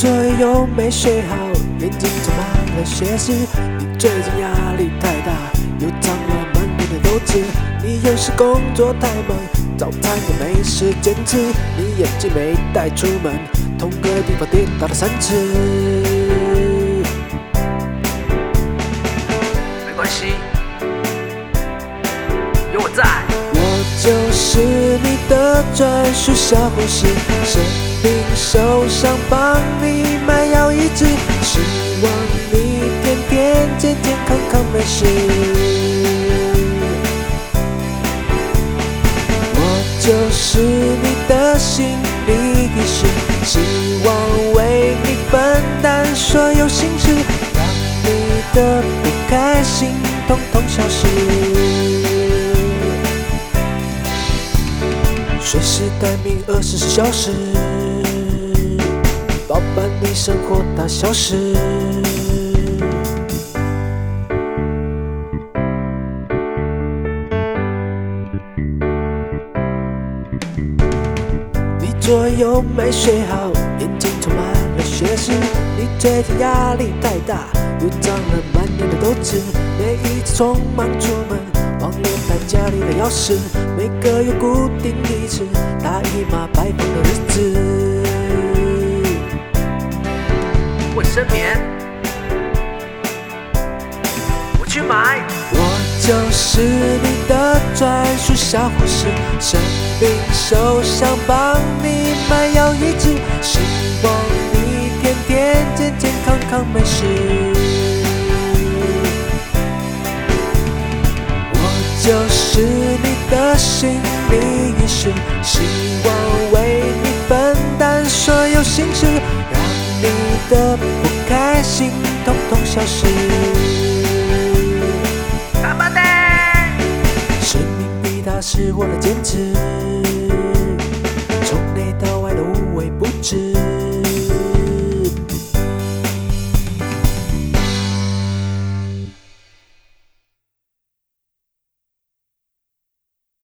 作業又沒睡好，眼睛長滿了血絲。你最近壓力太大，又長了滿臉的痘子。你有時工作太忙，早餐也沒時間吃。你眼鏡沒帶出門，同個地方跌倒了三次。沒關係。你的專屬小護士，生病受傷幫你買藥醫治，希望你天天健健康康沒事。我就是你的心理醫師，希望為你分擔所有心事，讓你的不開心統統消失。隨時待命，二十四小時，包辦你生活大小事。你昨夜又沒睡好，眼睛充滿了血絲。你最近壓力太大，又長了滿臉的痘子。每一次匆忙出門，忘了帶家裡的鑰匙。每個月固定一次，大姨媽拜訪的日子。衛生棉，我去買。我就是你的專屬小護士，生病受傷幫你買藥醫治，希望你天天健健康康沒事。就是你的心理醫師，希望為你分擔所有心事，讓你的不開心通通消失。